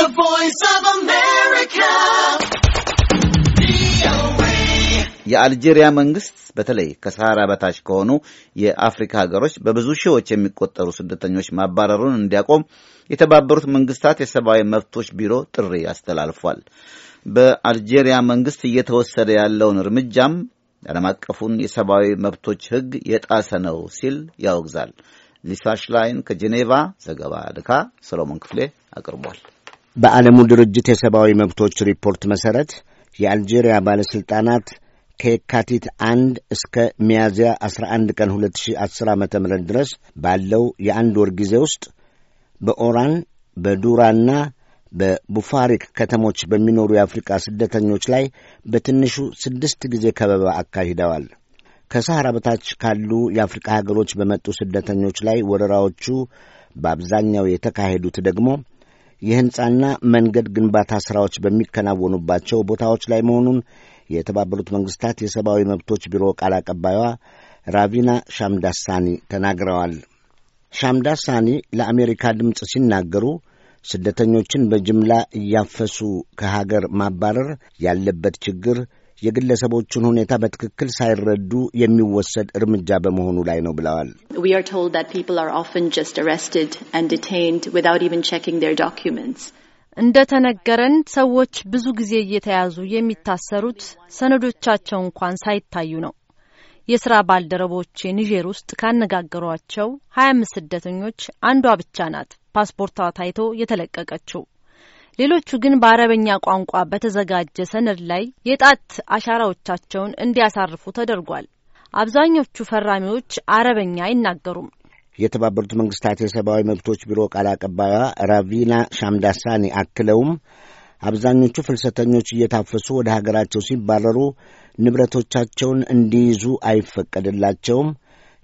The Voice of America. የአልጄሪያ መንግስት በተለይ ከሰሃራ በታች ከሆኑ የአፍሪካ ሀገሮች በብዙ ሺዎች የሚቆጠሩ ስደተኞች ማባረሩን እንዲያቆም የተባበሩት መንግስታት የሰብአዊ መብቶች ቢሮ ጥሪ አስተላልፏል። በአልጄሪያ መንግስት እየተወሰደ ያለውን እርምጃም ዓለም አቀፉን የሰብአዊ መብቶች ሕግ የጣሰ ነው ሲል ያወግዛል። ሊሳ ሽላይን ከጄኔቫ ዘገባ ልካ ሰሎሞን ክፍሌ አቅርቧል። በዓለሙ ድርጅት የሰብአዊ መብቶች ሪፖርት መሠረት የአልጄሪያ ባለሥልጣናት ከየካቲት አንድ እስከ ሚያዝያ 11 ቀን 2010 ዓ ም ድረስ ባለው የአንድ ወር ጊዜ ውስጥ በኦራን በዱራና በቡፋሪክ ከተሞች በሚኖሩ የአፍሪቃ ስደተኞች ላይ በትንሹ ስድስት ጊዜ ከበባ አካሂደዋል። ከሰሐራ በታች ካሉ የአፍሪቃ ሀገሮች በመጡ ስደተኞች ላይ ወረራዎቹ በአብዛኛው የተካሄዱት ደግሞ የሕንፃና መንገድ ግንባታ ሥራዎች በሚከናወኑባቸው ቦታዎች ላይ መሆኑን የተባበሩት መንግሥታት የሰብአዊ መብቶች ቢሮ ቃል አቀባይዋ ራቪና ሻምዳሳኒ ተናግረዋል። ሻምዳሳኒ ለአሜሪካ ድምፅ ሲናገሩ ስደተኞችን በጅምላ እያፈሱ ከሀገር ማባረር ያለበት ችግር የግለሰቦቹን ሁኔታ በትክክል ሳይረዱ የሚወሰድ እርምጃ በመሆኑ ላይ ነው ብለዋል። እንደ ተነገረን ሰዎች ብዙ ጊዜ እየተያዙ የሚታሰሩት ሰነዶቻቸው እንኳን ሳይታዩ ነው። የስራ ባልደረቦቼ ኒጀር ውስጥ ካነጋገሯቸው ሀያ አምስት ስደተኞች አንዷ ብቻ ናት ፓስፖርቷ ታይቶ የተለቀቀችው። ሌሎቹ ግን በአረበኛ ቋንቋ በተዘጋጀ ሰነድ ላይ የጣት አሻራዎቻቸውን እንዲያሳርፉ ተደርጓል። አብዛኞቹ ፈራሚዎች አረበኛ አይናገሩም። የተባበሩት መንግስታት የሰብአዊ መብቶች ቢሮ ቃል አቀባዩ ራቪና ሻምዳሳኒ አክለውም አብዛኞቹ ፍልሰተኞች እየታፈሱ ወደ ሀገራቸው ሲባረሩ ንብረቶቻቸውን እንዲይዙ አይፈቀድላቸውም።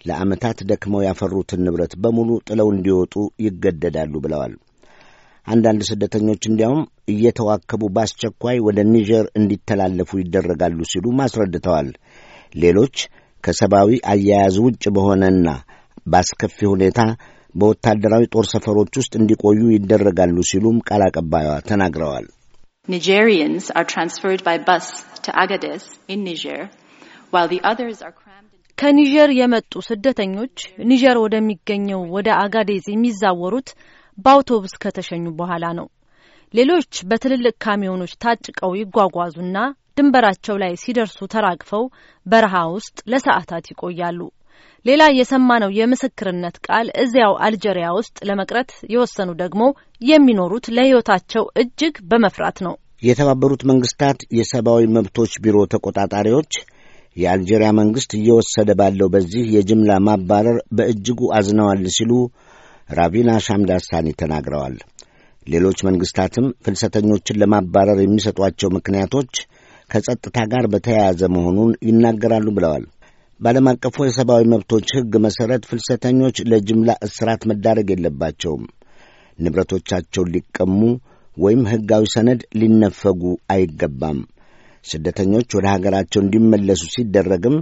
ለዓመታት ደክመው ያፈሩትን ንብረት በሙሉ ጥለው እንዲወጡ ይገደዳሉ ብለዋል። አንዳንድ ስደተኞች እንዲያውም እየተዋከቡ በአስቸኳይ ወደ ኒጀር እንዲተላለፉ ይደረጋሉ ሲሉም አስረድተዋል። ሌሎች ከሰብአዊ አያያዝ ውጭ በሆነና በአስከፊ ሁኔታ በወታደራዊ ጦር ሰፈሮች ውስጥ እንዲቆዩ ይደረጋሉ ሲሉም ቃል አቀባይዋ ተናግረዋል። አጋዴስ ከኒጀር የመጡ ስደተኞች ኒጀር ወደሚገኘው ወደ አጋዴዝ የሚዛወሩት በአውቶቡስ ከተሸኙ በኋላ ነው። ሌሎች በትልልቅ ካሚዮኖች ታጭቀው ይጓጓዙና ድንበራቸው ላይ ሲደርሱ ተራግፈው በረሃ ውስጥ ለሰዓታት ይቆያሉ። ሌላ የሰማነው የምስክርነት ቃል እዚያው አልጀሪያ ውስጥ ለመቅረት የወሰኑ ደግሞ የሚኖሩት ለሕይወታቸው እጅግ በመፍራት ነው። የተባበሩት መንግስታት የሰብአዊ መብቶች ቢሮ ተቆጣጣሪዎች የአልጄሪያ መንግስት እየወሰደ ባለው በዚህ የጅምላ ማባረር በእጅጉ አዝነዋል ሲሉ ራቪና ሻምዳሳኒ ተናግረዋል። ሌሎች መንግሥታትም ፍልሰተኞችን ለማባረር የሚሰጧቸው ምክንያቶች ከጸጥታ ጋር በተያያዘ መሆኑን ይናገራሉ ብለዋል። በዓለም አቀፉ የሰብአዊ መብቶች ሕግ መሠረት ፍልሰተኞች ለጅምላ እስራት መዳረግ የለባቸውም። ንብረቶቻቸውን ሊቀሙ ወይም ሕጋዊ ሰነድ ሊነፈጉ አይገባም። ስደተኞች ወደ ሀገራቸው እንዲመለሱ ሲደረግም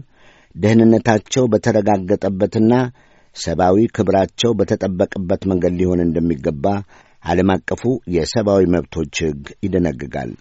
ደህንነታቸው በተረጋገጠበትና ሰብአዊ ክብራቸው በተጠበቀበት መንገድ ሊሆን እንደሚገባ ዓለም አቀፉ የሰብአዊ መብቶች ሕግ ይደነግጋል።